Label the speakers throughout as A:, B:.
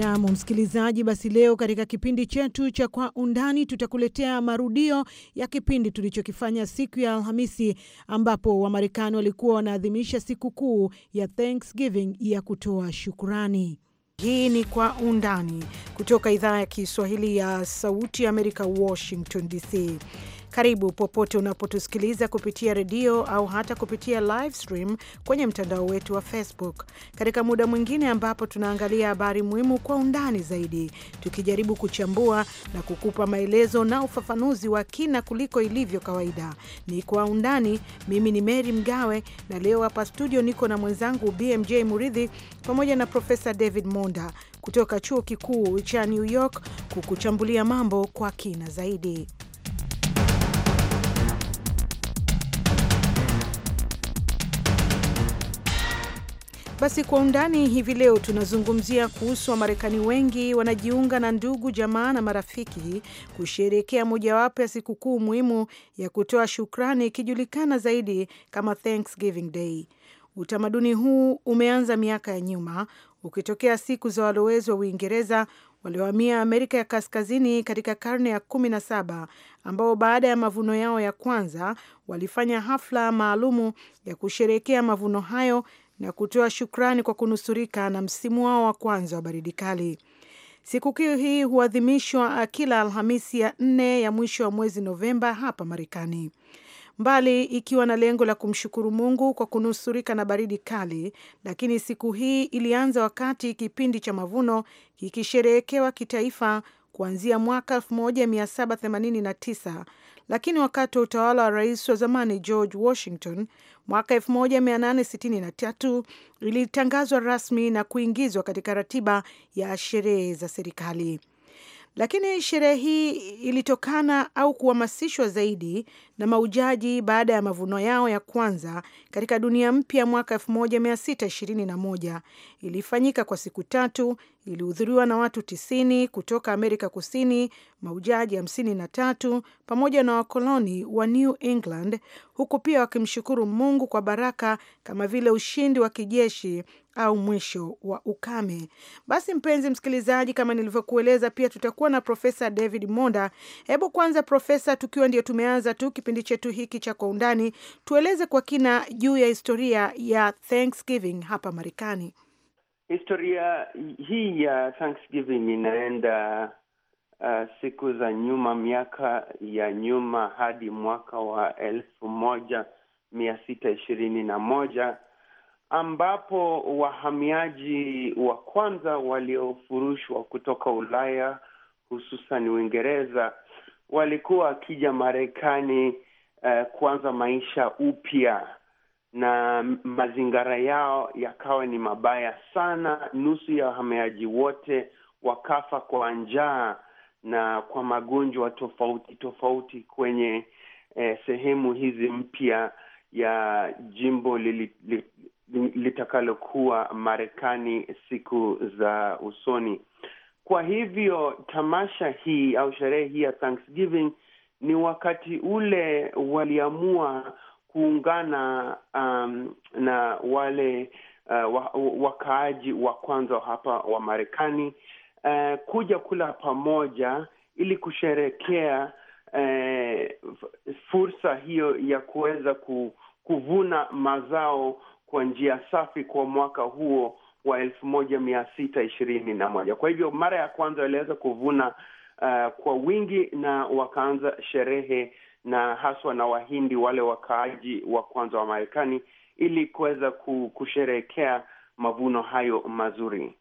A: Nam msikilizaji, basi leo katika kipindi chetu cha Kwa Undani tutakuletea marudio ya kipindi tulichokifanya siku ya Alhamisi, ambapo Wamarekani walikuwa wanaadhimisha siku kuu ya Thanksgiving ya kutoa shukurani. Hii ni Kwa Undani kutoka idhaa ya Kiswahili ya Sauti ya Amerika, Washington DC. Karibu popote unapotusikiliza kupitia redio au hata kupitia live stream kwenye mtandao wetu wa Facebook, katika muda mwingine ambapo tunaangalia habari muhimu kwa undani zaidi, tukijaribu kuchambua na kukupa maelezo na ufafanuzi wa kina kuliko ilivyo kawaida. Ni kwa undani. Mimi ni Mary Mgawe na leo hapa studio niko na mwenzangu BMJ Muridhi pamoja na Profesa David Monda kutoka chuo kikuu cha New York kukuchambulia mambo kwa kina zaidi. Basi kwa undani hivi leo tunazungumzia kuhusu Wamarekani wengi wanajiunga na ndugu, jamaa na marafiki kusherehekea mojawapo ya sikukuu muhimu ya kutoa shukrani ikijulikana zaidi kama Thanksgiving Day. Utamaduni huu umeanza miaka ya nyuma ukitokea siku za walowezi wa Uingereza waliohamia Amerika ya Kaskazini katika karne ya kumi na saba ambao baada ya mavuno yao ya kwanza walifanya hafla maalumu ya kusherehekea mavuno hayo na kutoa shukrani kwa kunusurika na msimu wao wa kwanza wa baridi kali. Sikukuu hii huadhimishwa kila Alhamisi ya nne ya mwisho wa mwezi Novemba hapa Marekani, mbali ikiwa na lengo la kumshukuru Mungu kwa kunusurika na baridi kali. Lakini siku hii ilianza wakati kipindi cha mavuno kikisherehekewa kitaifa kuanzia mwaka 1789 lakini wakati wa utawala wa rais wa zamani George Washington mwaka 1863 ilitangazwa rasmi na kuingizwa katika ratiba ya sherehe za serikali. Lakini sherehe hii ilitokana au kuhamasishwa zaidi na maujaji baada ya mavuno yao ya kwanza katika dunia mpya mwaka 1621. Ilifanyika kwa siku tatu, ilihudhuriwa na watu 90 kutoka Amerika Kusini, maujaji 53 pamoja na wakoloni wa New England, huku pia wakimshukuru Mungu kwa baraka kama vile ushindi wa kijeshi au mwisho wa ukame. Basi mpenzi msikilizaji, kama nilivyokueleza, pia tutakuwa na Profesa David Monda. Hebu kwanza, Profesa, tukiwa ndio tumeanza tu kipindi chetu hiki cha Kwa Undani, tueleze kwa kina juu ya historia ya Thanksgiving hapa Marekani.
B: Historia hii ya Thanksgiving inaenda uh, siku za nyuma, miaka ya nyuma hadi mwaka wa elfu moja mia sita ishirini na moja ambapo wahamiaji wa kwanza waliofurushwa kutoka Ulaya hususan Uingereza walikuwa wakija Marekani eh, kuanza maisha upya na mazingira yao yakawa ni mabaya sana. Nusu ya wahamiaji wote wakafa kwa njaa na kwa magonjwa tofauti tofauti kwenye eh, sehemu hizi mpya ya jimbo lili, li, litakalokuwa Marekani siku za usoni. Kwa hivyo tamasha hii au sherehe hii ya Thanksgiving ni wakati ule waliamua kuungana um, na wale uh, wakaaji wa kwanza hapa wa Marekani uh, kuja kula pamoja ili kusherekea uh, fursa hiyo ya kuweza ku, kuvuna mazao kwa njia safi kwa mwaka huo wa elfu moja mia sita ishirini na moja. Kwa hivyo mara ya kwanza waliweza kuvuna uh, kwa wingi na wakaanza sherehe na haswa na Wahindi wale wakaaji wa kwanza wa Marekani ili kuweza kusherehekea mavuno hayo mazuri.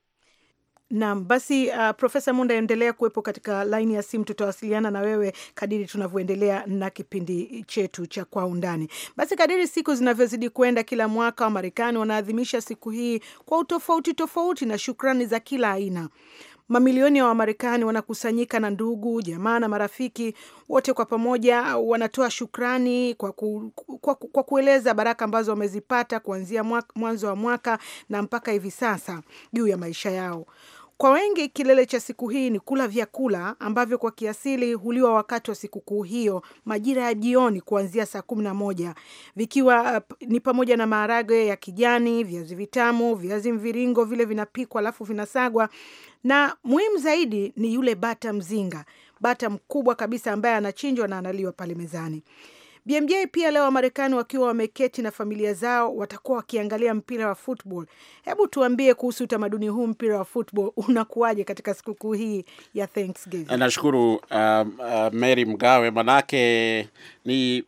A: Naam, basi uh, Profesa Munda, endelea kuwepo katika laini ya simu, tutawasiliana na wewe kadiri tunavyoendelea na kipindi chetu cha Kwa Undani. Basi kadiri siku zinavyozidi kuenda, kila mwaka Wamarekani wanaadhimisha siku hii kwa utofauti tofauti na shukrani za kila aina. Mamilioni ya wa Wamarekani wanakusanyika na ndugu, jamaa na marafiki, wote kwa pamoja wanatoa shukrani kwa, ku, kwa, kwa kueleza baraka ambazo wamezipata kuanzia mwanzo wa mwaka na mpaka hivi sasa juu ya maisha yao. Kwa wengi kilele cha siku hii ni kula vyakula ambavyo kwa kiasili huliwa wakati wa sikukuu hiyo majira ya jioni kuanzia saa kumi na moja vikiwa uh, ni pamoja na maharage ya kijani, viazi vitamu, viazi mviringo vile vinapikwa alafu vinasagwa, na muhimu zaidi ni yule bata mzinga, bata mkubwa kabisa ambaye anachinjwa na analiwa pale mezani. BMJ. Pia leo Wamarekani wakiwa wameketi na familia zao watakuwa wakiangalia mpira wa football. Hebu tuambie kuhusu utamaduni huu, mpira wa football unakuwaje katika sikukuu hii ya Thanksgiving?
C: Nashukuru uh, uh, Mary Mgawe, manake ni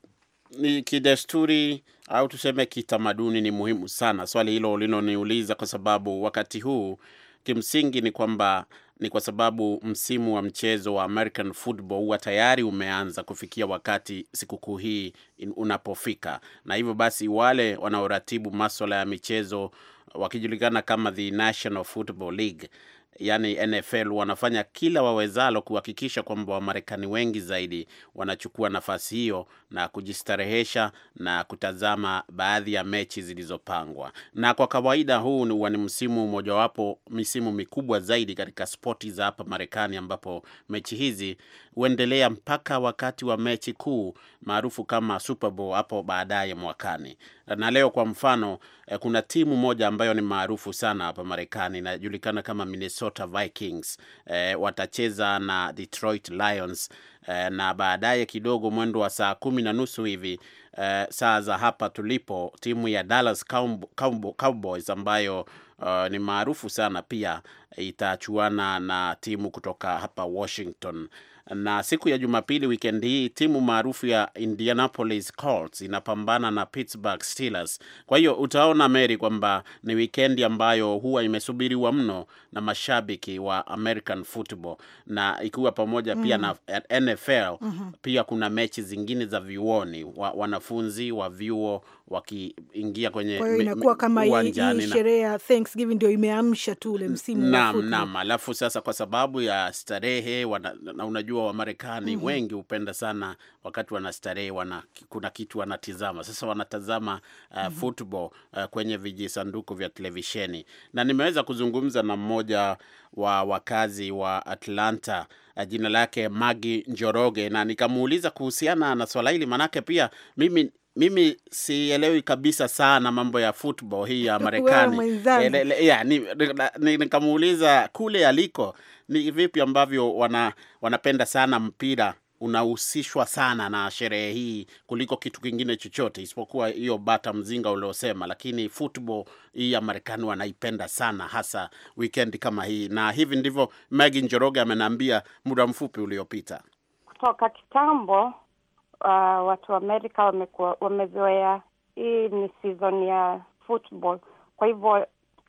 C: ni kidesturi au tuseme kitamaduni, ni muhimu sana swali hilo uliloniuliza, kwa sababu wakati huu kimsingi ni kwamba ni kwa sababu msimu wa mchezo wa American football huwa tayari umeanza kufikia wakati sikukuu hii unapofika, na hivyo basi wale wanaoratibu maswala ya michezo wakijulikana kama the National Football League yani NFL wanafanya kila wawezalo kuhakikisha kwamba Wamarekani wengi zaidi wanachukua nafasi hiyo na kujistarehesha na kutazama baadhi ya mechi zilizopangwa. Na kwa kawaida huu huwa ni msimu mojawapo misimu mikubwa zaidi katika spoti za hapa Marekani, ambapo mechi hizi huendelea mpaka wakati wa mechi kuu maarufu kama Super Bowl hapo baadaye mwakani. Na leo kwa mfano, eh, kuna timu moja ambayo ni maarufu sana hapa Marekani inajulikana kama Minnesota Minnesota Vikings eh, watacheza na Detroit Lions eh, na baadaye kidogo mwendo wa saa kumi na nusu hivi eh, saa za hapa tulipo, timu ya Dallas Cowboys ambayo Uh, ni maarufu sana pia itachuana na timu kutoka hapa Washington na siku ya Jumapili wikendi hii timu maarufu ya Indianapolis Colts inapambana na Pittsburgh Steelers. Kwa hiyo utaona Mary, kwamba ni wikendi ambayo huwa imesubiriwa mno na mashabiki wa American football na ikiwa pamoja pia mm na NFL mm -hmm. pia kuna mechi zingine za vyuoni wa, wanafunzi wa vyuo wakiingia kwenye inakuwa kama hii sherehe
A: ya Thanksgiving ndio imeamsha tu ule msimu. Naam, naam,
C: alafu sasa kwa sababu ya starehe wana, na unajua unajua Wamarekani mm -hmm. wengi hupenda sana wakati wanastarehe wana, kuna kitu wanatizama. Sasa wanatazama uh, mm -hmm. football uh, kwenye vijisanduku vya televisheni, na nimeweza kuzungumza na mmoja wa wakazi wa Atlanta uh, jina lake Magi Njoroge na nikamuuliza kuhusiana na swala hili, manake pia mimi mimi sielewi kabisa sana mambo ya football hii ya Marekani. Nikamuuliza kule aliko ni vipi ambavyo wana, wanapenda sana mpira unahusishwa sana na sherehe hii kuliko kitu kingine chochote isipokuwa hiyo bata mzinga uliosema, lakini football hii ya Marekani wanaipenda sana, hasa weekend kama hii, na hivi ndivyo Maggie Njoroge amenaambia muda mfupi uliopita.
D: kutoka kitambo uh, watu wa Amerika wamezoea, hii ni season ya football, kwa hivyo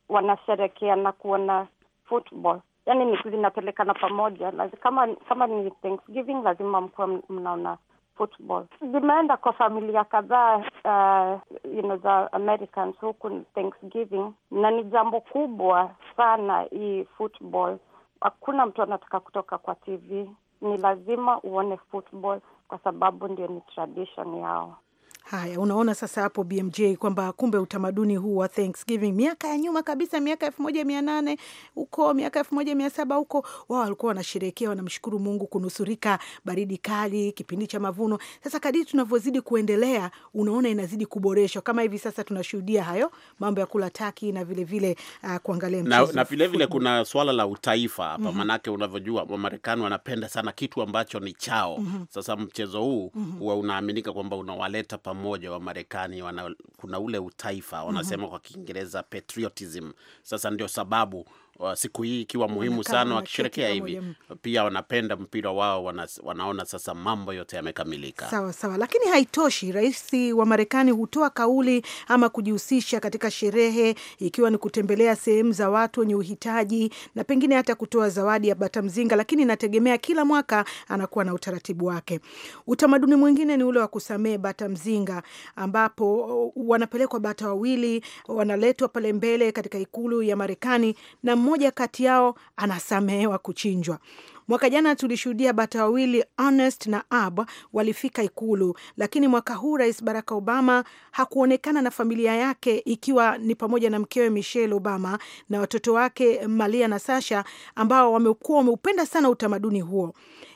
D: wanasherekea na kuona football, yani zinapelekana pamoja. Kama kama ni Thanksgiving, lazima mkuwa mnaona football. Zimeenda kwa familia kadhaa uh, you know, za Americans huku Thanksgiving, na ni jambo kubwa sana hii football. Hakuna mtu anataka kutoka kwa TV ni lazima uone football kwa sababu ndio ni tradition yao.
A: Haya, unaona sasa hapo BMJ kwamba kumbe utamaduni huu wa Thanksgiving miaka ya nyuma kabisa, miaka elfu moja mia nane huko, miaka elfu moja mia saba huko, wao walikuwa wanasherehekea, wanamshukuru Mungu kunusurika baridi kali, kipindi cha mavuno. Sasa kadiri tunavyozidi kuendelea, unaona inazidi kuboreshwa, kama hivi sasa tunashuhudia hayo mambo ya kula taki na vilevile vile, uh, kuangalia na, na vilevile
C: kuna swala la utaifa hapa mm -hmm. Manake unavyojua Wamarekani wanapenda sana kitu ambacho ni chao mm -hmm. Sasa mchezo huu mm -hmm. huwa unaaminika kwamba unawaleta pa pamoja wa Marekani wana, kuna ule utaifa wanasema mm -hmm. kwa Kiingereza patriotism. Sasa ndio sababu siku hii ikiwa muhimu wana sana wakisherekea hivi pia wanapenda mpira wao wana, wanaona sasa mambo yote yamekamilika. Sawa
A: sawa, lakini haitoshi. Rais wa Marekani hutoa kauli ama kujihusisha katika sherehe, ikiwa ni kutembelea sehemu za watu wenye uhitaji na pengine hata kutoa zawadi ya bata mzinga, lakini inategemea kila mwaka anakuwa na utaratibu wake. Utamaduni mwingine ni ule wa kusamehe bata mzinga, ambapo wanapelekwa bata wawili, wanaletwa pale mbele katika ikulu ya Marekani na mmoja kati yao anasamehewa kuchinjwa. Mwaka jana tulishuhudia bata wawili Ernest na Ab walifika Ikulu, lakini mwaka huu Rais Barack Obama hakuonekana na familia yake, ikiwa ni pamoja na mkewe Michelle Obama na watoto wake Malia na Sasha, ambao wamekuwa wameupenda sana utamaduni huo.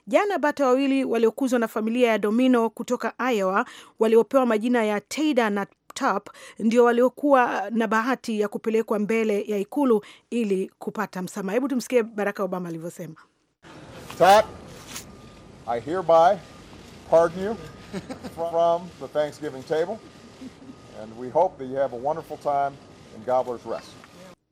A: Jana bata wawili waliokuzwa na familia ya Domino kutoka Iowa waliopewa majina ya Taida na Top ndio waliokuwa na bahati ya kupelekwa mbele ya ikulu ili kupata msamaha. Hebu tumsikie Barack Obama alivyosema.
E: Top, I hereby pardon you from the Thanksgiving table and we hope that you have a wonderful time in Gobbler's Rest.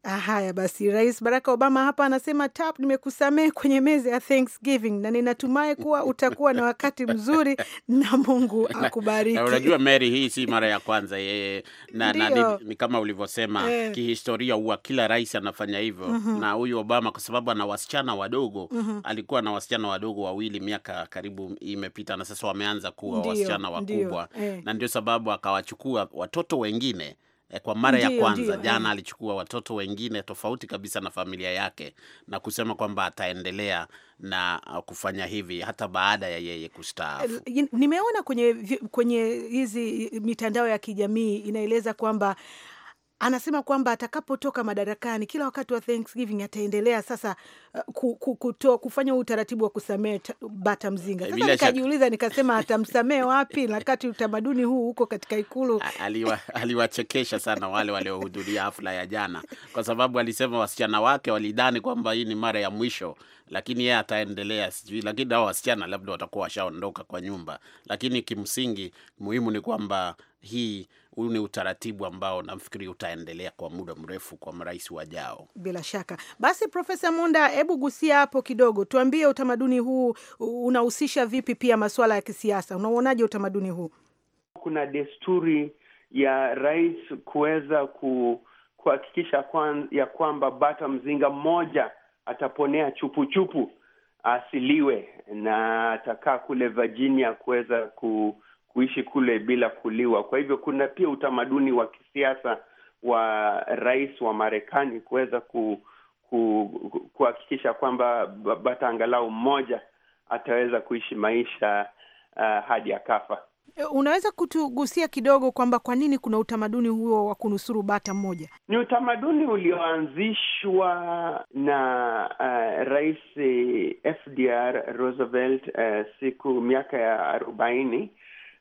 A: Haya basi, Rais Barack Obama hapa anasema tap, nimekusamehe kwenye meza ya Thanksgiving na ninatumai kuwa utakuwa na wakati mzuri na Mungu akubariki. Unajua
C: Mary, hii si mara ya kwanza yeye na, na ni, ni kama ulivyosema eh, kihistoria huwa kila rais anafanya hivyo mm -hmm. na huyu Obama kwa sababu ana wasichana wadogo mm -hmm. alikuwa na wasichana wadogo wawili, miaka karibu imepita na sasa wameanza kuwa wasichana wakubwa eh, na ndio sababu akawachukua watoto wengine Eh, kwa mara ya kwanza ndiyo. Jana eh. alichukua watoto wengine tofauti kabisa na familia yake na kusema kwamba ataendelea na uh, kufanya hivi hata baada ya yeye eh, kustaafu.
A: Nimeona kwenye kwenye hizi mitandao ya kijamii inaeleza kwamba anasema kwamba atakapotoka madarakani kila wakati wa Thanksgiving ataendelea sasa uh, kuto, kufanya utaratibu wa kusamehe bata mzinga. Eh, sasa nikajiuliza nikasema, atamsamehe wapi na kati utamaduni huu huko katika ikulu?
C: Aliwachekesha sana wale waliohudhuria hafla ya jana, kwa sababu alisema wasichana wake walidhani kwamba hii ni mara ya mwisho, lakini yeye ataendelea, sijui. Lakini hao wasichana labda watakuwa washaondoka kwa nyumba, lakini kimsingi muhimu ni kwamba hii huu ni utaratibu ambao nafikiri utaendelea kwa muda mrefu kwa marais wajao.
A: Bila shaka. Basi Profesa Monda, hebu gusia hapo kidogo, tuambie utamaduni huu unahusisha vipi pia masuala ya kisiasa? Unauonaje utamaduni huu?
B: Kuna desturi ya rais kuweza ku, kuhakikisha kwa, ya kwamba bata mzinga mmoja ataponea chupuchupu asiliwe, na atakaa kule Virginia kuweza ku kuishi kule bila kuliwa. Kwa hivyo kuna pia utamaduni wa kisiasa wa rais wa Marekani kuweza ku, ku, kuhakikisha kwamba bata angalau mmoja ataweza kuishi maisha uh, hadi akafa.
A: Unaweza kutugusia kidogo kwamba kwa nini kuna utamaduni huo wa kunusuru bata mmoja?
B: Ni utamaduni ulioanzishwa na uh, Rais eh, FDR Roosevelt uh, siku miaka ya arobaini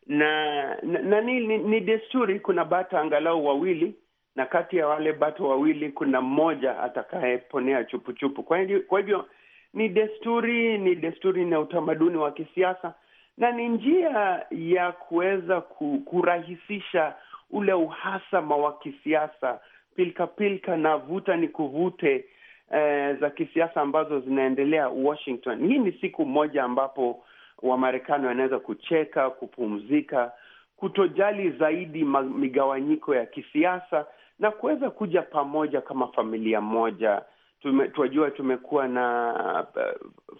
B: na na ni, ni desturi kuna bata angalau wawili na kati ya wale bata wawili kuna mmoja atakayeponea chupuchupu. Kwa hivyo, kwa hivyo ni desturi, ni desturi na utamaduni wa kisiasa na ni njia ya kuweza kurahisisha ule uhasama wa kisiasa, pilka pilka na vuta ni kuvute eh, za kisiasa ambazo zinaendelea Washington. Hii ni siku moja ambapo Wamarekani wanaweza kucheka, kupumzika, kutojali zaidi migawanyiko ya kisiasa na kuweza kuja pamoja kama familia moja. Tume, tuajua tumekuwa na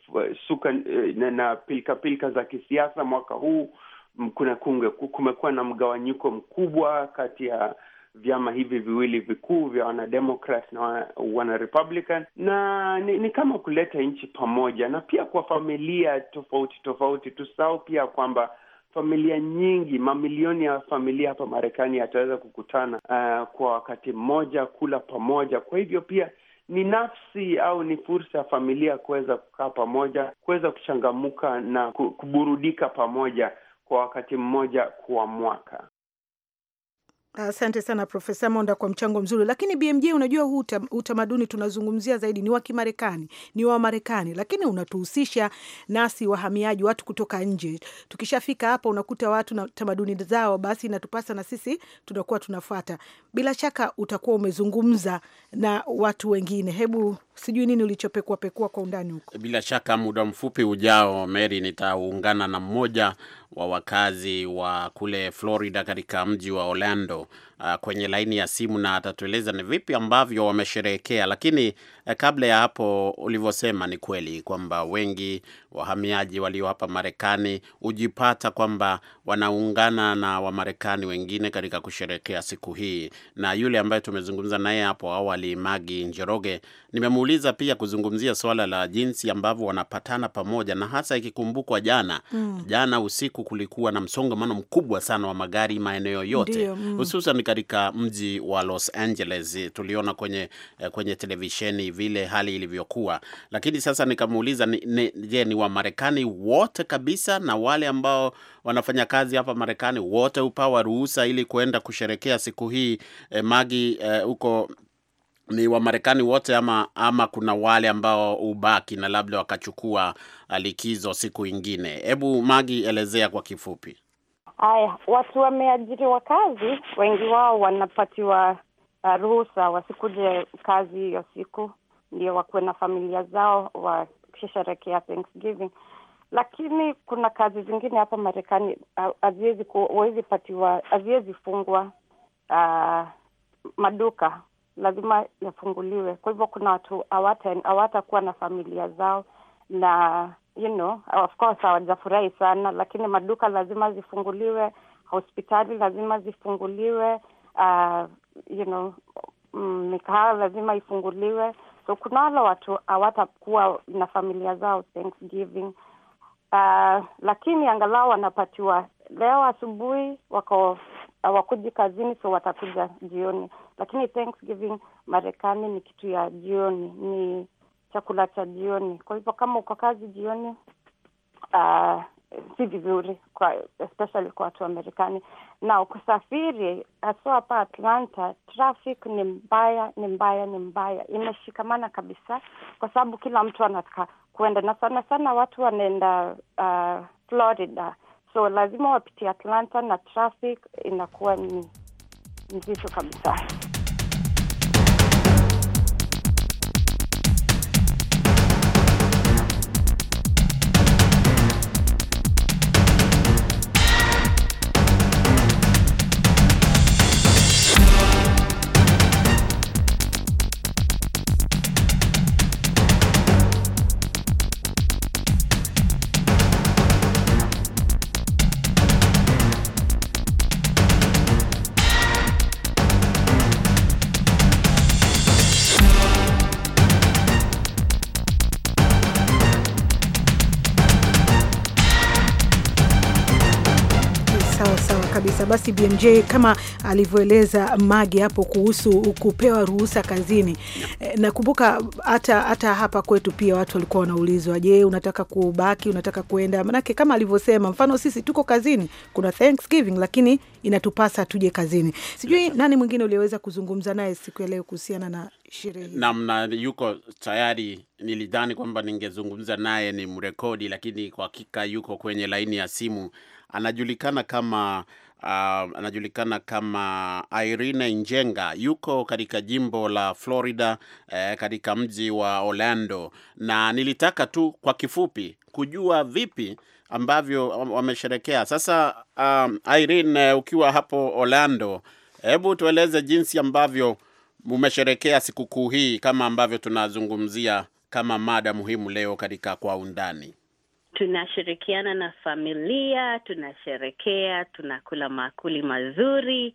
B: uh, suka uh, na, na pilika pilika za kisiasa mwaka huu. Kuna kumekuwa na mgawanyiko mkubwa kati ya vyama hivi viwili vikuu vya wanademokrat na wanarepublican, na ni, ni kama kuleta nchi pamoja, na pia kwa familia tofauti tofauti. Tusahau pia kwamba familia nyingi, mamilioni ya familia hapa Marekani yataweza kukutana uh, kwa wakati mmoja kula pamoja. Kwa hivyo pia ni nafsi au ni fursa ya familia kuweza kukaa pamoja, kuweza kuchangamuka na kuburudika pamoja kwa wakati mmoja kwa mwaka.
A: Asante sana Profesa Monda kwa mchango mzuri, lakini BMJ, unajua huu utamaduni tunazungumzia zaidi ni wa Kimarekani, ni wa Marekani, lakini unatuhusisha nasi wahamiaji, watu kutoka nje. Tukishafika hapa unakuta watu na tamaduni zao, basi inatupasa na sisi tunakuwa tunafuata. Bila shaka utakuwa umezungumza na watu wengine, hebu sijui nini ulichopekua pekua kwa undani huko.
C: Bila shaka muda mfupi ujao, Mary, nitaungana na mmoja wa wakazi wa kule Florida katika mji wa Orlando uh, kwenye laini ya simu na atatueleza ni vipi ambavyo wamesherehekea. Lakini uh, kabla ya hapo, ulivyosema ni kweli kwamba wengi wahamiaji walio hapa Marekani hujipata kwamba wanaungana na Wamarekani wengine katika kusherehekea siku hii, na yule ambaye tumezungumza naye hapo awali, Magi Njoroge, nimemuuliza pia kuzungumzia swala la jinsi ambavyo wanapatana pamoja, na hasa ikikumbukwa jana mm. jana usiku kulikuwa na msongamano mkubwa sana wa magari maeneo yote mm. hususan katika mji wa Los Angeles. Tuliona kwenye, eh, kwenye televisheni vile hali ilivyokuwa, lakini sasa nikamuuliza, je, ni Wamarekani wote kabisa na wale ambao wanafanya kazi hapa Marekani wote upawa ruhusa ili kuenda kusherekea siku hii eh, Magi huko eh, ni Wamarekani wote ama, ama kuna wale ambao ubaki na labda wakachukua eh, likizo siku ingine? Hebu Magi, elezea kwa kifupi.
D: Haya, watu wameajiriwa kazi, wengi wao wanapatiwa uh, ruhusa wasikuje kazi hiyo siku, ndio wakuwe na familia zao wakisherekea Thanksgiving. Lakini kuna kazi zingine hapa Marekani uh, haziwezi uh, patiwa haziwezi fungwa uh, maduka lazima yafunguliwe. Kwa hivyo kuna watu hawatakuwa na familia zao na you know, of course hawajafurahi sana, lakini maduka lazima zifunguliwe, hospitali lazima zifunguliwe, uh, you know, mm, mikahawa lazima ifunguliwe. So kuna wale watu hawatakuwa na familia zao Thanksgiving. Uh, lakini angalau wanapatiwa leo asubuhi, wako hawakuji kazini, so watakuja jioni. Lakini Thanksgiving Marekani ni kitu ya jioni, ni chakula cha jioni. Kwa hivyo kama uko kazi jioni, uh, si vizuri kwa, especially kwa watu wa Na ukusafiri haswa hapa Atlanta, traffic ni mbaya, ni mbaya, ni mbaya, imeshikamana kabisa, kwa sababu kila mtu anataka kuenda, na sana sana watu wanaenda uh, Florida, so lazima wapitie Atlanta na traffic inakuwa ni mzito kabisa.
A: basi BMJ kama alivyoeleza Magi hapo kuhusu kupewa ruhusa kazini eh, nakumbuka hata hata hapa kwetu pia watu walikuwa wanaulizwa, je, unataka kubaki, unataka kuenda? Manake kama alivyosema, mfano sisi tuko kazini, kuna Thanksgiving lakini inatupasa tuje kazini. Sijui nani mwingine uliweza kuzungumza naye siku ya leo kuhusiana na sherehe
C: namna yuko tayari. Nilidhani kwamba ningezungumza naye ni mrekodi, lakini kwa hakika yuko kwenye laini ya simu. Anajulikana kama uh, anajulikana kama Irene Njenga, yuko katika jimbo la Florida eh, katika mji wa Orlando, na nilitaka tu kwa kifupi kujua vipi ambavyo wamesherekea. Sasa um, Irene, ukiwa hapo Orlando, hebu tueleze jinsi ambavyo mumesherekea sikukuu hii kama ambavyo tunazungumzia kama mada muhimu leo katika kwa undani
F: tunashirikiana na familia, tunasherekea, tunakula maakuli mazuri,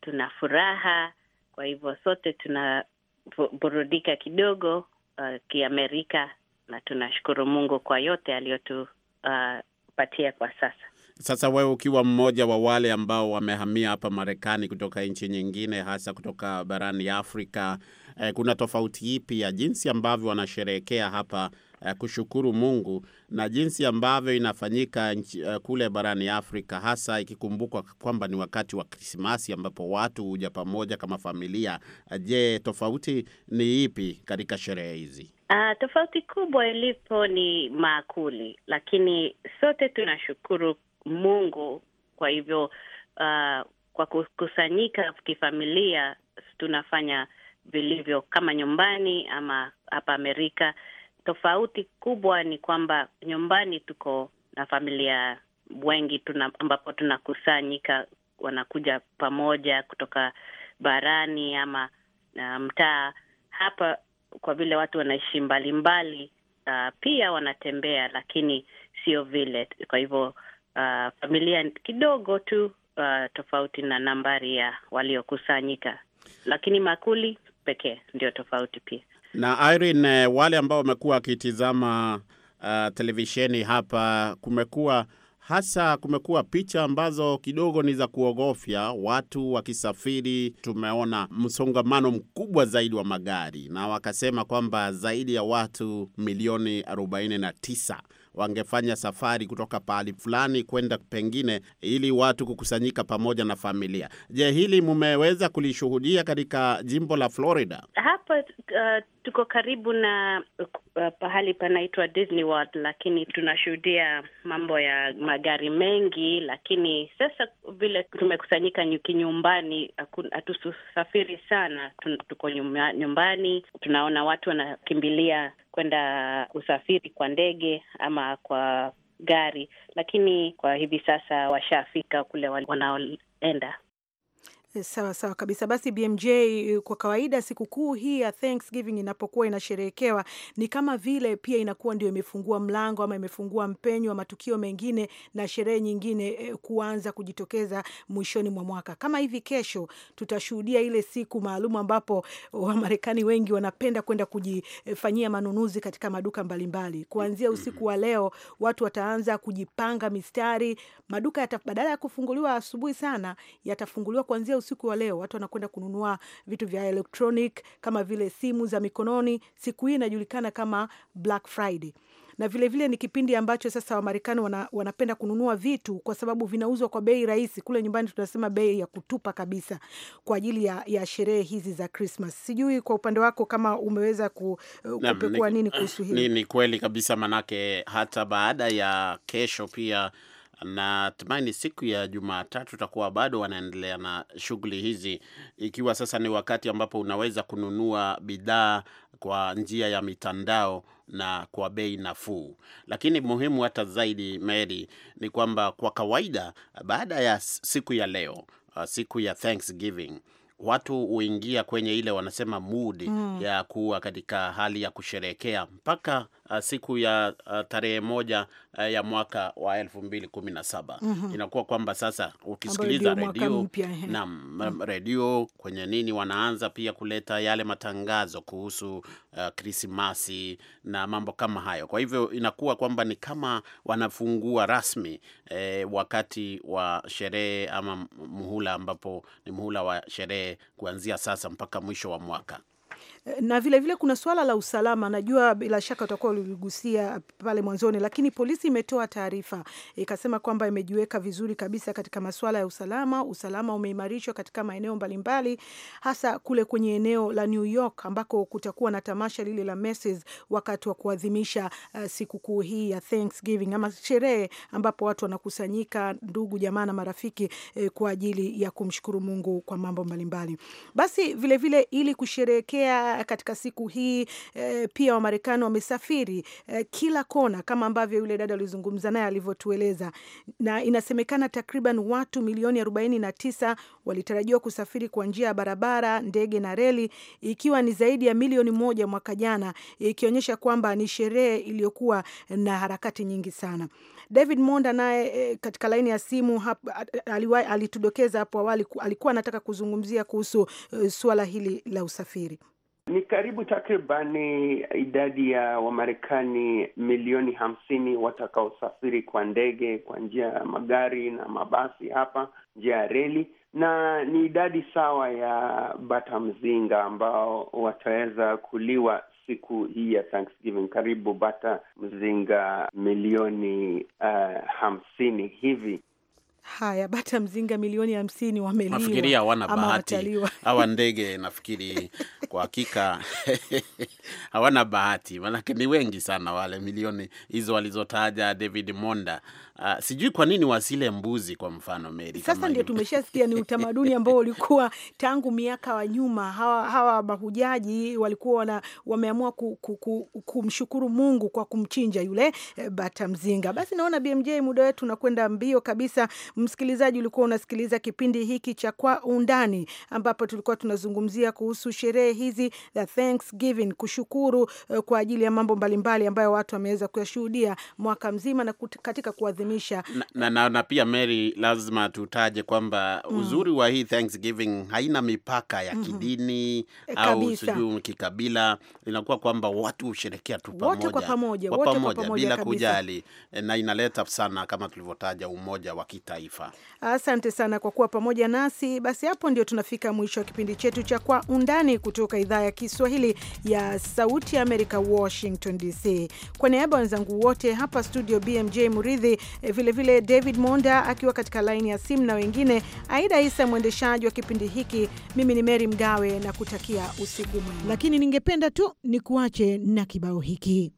F: tuna furaha. Kwa hivyo sote tunaburudika kidogo uh, kiamerika na tunashukuru Mungu kwa yote aliyotupatia uh, kwa sasa.
C: Sasa wewe ukiwa mmoja wa wale ambao wamehamia hapa Marekani kutoka nchi nyingine, hasa kutoka barani Afrika, eh, kuna tofauti ipi ya jinsi ambavyo wanasherehekea hapa Eh, kushukuru Mungu na jinsi ambavyo inafanyika eh, kule barani Afrika, hasa ikikumbukwa kwamba ni wakati wa Krismasi ambapo watu huja pamoja kama familia. Eh, je, tofauti ni ipi katika sherehe hizi?
F: Uh, tofauti kubwa ilipo ni maakuli, lakini sote tunashukuru Mungu. Kwa hivyo uh, kwa kukusanyika kifamilia tunafanya vilivyo kama nyumbani ama hapa Amerika Tofauti kubwa ni kwamba nyumbani tuko na familia wengi tuna, ambapo tunakusanyika, wanakuja pamoja kutoka barani ama uh, mtaa. Hapa kwa vile watu wanaishi mbalimbali uh, ah, pia wanatembea, lakini sio vile. Kwa hivyo uh, familia kidogo tu uh, tofauti na nambari ya waliokusanyika, lakini makuli pekee ndio tofauti pia.
C: Na Irene, wale ambao wamekuwa wakitizama uh, televisheni hapa, kumekuwa hasa kumekuwa picha ambazo kidogo ni za kuogofya, watu wakisafiri. Tumeona msongamano mkubwa zaidi wa magari, na wakasema kwamba zaidi ya watu milioni 49 wangefanya safari kutoka pahali fulani kwenda pengine, ili watu kukusanyika pamoja na familia. Je, hili mumeweza kulishuhudia katika jimbo la Florida?
F: Hapa uh, tuko karibu na uh, pahali panaitwa Disney World, lakini tunashuhudia mambo ya magari mengi. Lakini sasa vile tumekusanyika kinyumbani, hatusafiri sana, tuko nyumbani, tunaona watu wanakimbilia kwenda usafiri kwa ndege ama kwa gari, lakini kwa hivi sasa washafika kule wanaoenda.
A: Eh, sawa sawa kabisa. Basi BMJ, eh, kwa kawaida sikukuu hii ya Thanksgiving inapokuwa inasherehekewa ni kama vile pia inakuwa ndio imefungua mlango ama imefungua mpenyo wa matukio mengine na sherehe nyingine eh, kuanza kujitokeza mwishoni mwa mwaka. Kama hivi kesho tutashuhudia ile siku maalum ambapo oh, Wamarekani wengi wanapenda kwenda kujifanyia manunuzi katika maduka mbalimbali. Kuanzia usiku wa leo watu wataanza kujipanga mistari. Maduka badala ya kufunguliwa asubuhi sana yatafunguliwa kuanzia usiku wa leo watu wanakwenda kununua vitu vya electronic kama vile simu za mikononi. Siku hii inajulikana kama Black Friday na vilevile vile ni kipindi ambacho sasa Wamarekani wana, wanapenda kununua vitu kwa sababu vinauzwa kwa bei rahisi. Kule nyumbani tunasema bei ya kutupa kabisa, kwa ajili ya, ya sherehe hizi za Krismas. Sijui kwa upande wako kama umeweza ku, uh, kupekua nini kuhusu hili.
C: Ni kweli kabisa, manake hata baada ya kesho pia na tumaini siku ya Jumatatu utakuwa bado wanaendelea na shughuli hizi, ikiwa sasa ni wakati ambapo unaweza kununua bidhaa kwa njia ya mitandao na kwa bei nafuu. Lakini muhimu hata zaidi, Mary, ni kwamba kwa kawaida baada ya siku ya leo, uh, siku ya Thanksgiving watu huingia kwenye ile wanasema mood mm, ya kuwa katika hali ya kusherehekea mpaka uh, siku ya uh, tarehe moja uh, ya mwaka wa elfu mbili kumi na saba mm -hmm. Inakuwa kwamba sasa ukisikiliza redio na mm -hmm. redio kwenye nini wanaanza pia kuleta yale matangazo kuhusu uh, Krismasi na mambo kama hayo. Kwa hivyo inakuwa kwamba ni kama wanafungua rasmi eh, wakati wa sherehe ama muhula ambapo ni muhula wa sherehe kuanzia sasa mpaka mwisho wa mwaka
A: na vilevile vile kuna swala la usalama. Najua bila shaka utakuwa uligusia pale mwanzoni, lakini polisi imetoa taarifa ikasema kwamba imejiweka vizuri kabisa katika masuala ya usalama. Usalama umeimarishwa katika maeneo mbalimbali, hasa kule kwenye eneo la New York ambako kutakuwa na tamasha lile la Macy's wakati wa kuadhimisha uh, sikukuu hii ya Thanksgiving ama sherehe ambapo watu wanakusanyika, ndugu jamaa na marafiki eh, kwa ajili ya kumshukuru Mungu kwa mambo mbalimbali. Basi vilevile vile ili kusherehekea Eh, katika siku hii e, pia Wamarekani wamesafiri e, kila kona kama ambavyo yule dada alizungumza naye alivyotueleza, na inasemekana takriban watu milioni 49 walitarajiwa kusafiri kwa njia ya barabara, ndege na reli, ikiwa ni zaidi ya milioni moja mwaka jana, ikionyesha kwamba ni sherehe iliyokuwa na harakati nyingi sana. David Monda naye katika laini ya simu hapa, alitudokeza hapo awali alikuwa anataka kuzungumzia kuhusu uh, suala hili la usafiri.
B: Ni karibu takribani idadi ya Wamarekani milioni hamsini watakaosafiri kwa ndege, kwa njia ya magari na mabasi hapa, njia ya reli, na ni idadi sawa ya bata mzinga ambao wataweza kuliwa siku hii ya Thanksgiving, karibu bata mzinga milioni uh, hamsini
C: hivi.
A: Haya, bata mzinga milioni hamsini wameliwa. Nafikiria hawana bahati
C: hawa ndege, nafikiri kwa hakika hawana bahati, manake ni wengi sana wale milioni hizo walizotaja David Monda. Uh, sijui kwa nini wasile mbuzi kwa mfano Meri. Sasa
A: ndio tumeshasikia ni utamaduni ambao ulikuwa tangu miaka wa nyuma, hawa hawa mahujaji walikuwa wana, wameamua ku, ku, ku, kumshukuru Mungu kwa kumchinja yule eh, bata mzinga. Basi naona BMJ, muda wetu unakwenda mbio kabisa. Msikilizaji, ulikuwa unasikiliza kipindi hiki cha Kwa Undani, ambapo tulikuwa tunazungumzia kuhusu sherehe hizi za Thanksgiving, kushukuru eh, kwa ajili ya mambo mbalimbali ambayo watu wameweza kuyashuhudia mwaka mzima na katika kuadhimisha
C: na, na, na, na pia Mary, lazima tutaje kwamba mm. uzuri wa hii Thanksgiving haina mipaka ya mm-hmm. kidini mm -hmm. au sijui kikabila, inakuwa kwamba watu husherekea tu pamoja kwa pamoja, kwa pamoja, pamoja bila kabisa kujali, eh, na inaleta sana kama tulivyotaja umoja wa kitaifa taifa.
A: Asante sana kwa kuwa pamoja nasi. Basi hapo ndio tunafika mwisho wa kipindi chetu cha Kwa Undani kutoka idhaa ya Kiswahili ya Sauti ya Amerika, Washington DC. Kwa niaba ya wenzangu wote hapa studio, BMJ Muridhi, vilevile eh, David Monda akiwa katika laini ya simu na wengine, Aida Isa mwendeshaji wa kipindi hiki, mimi ni Meri Mgawe na kutakia usiku mwema, lakini ningependa tu nikuache na kibao hiki.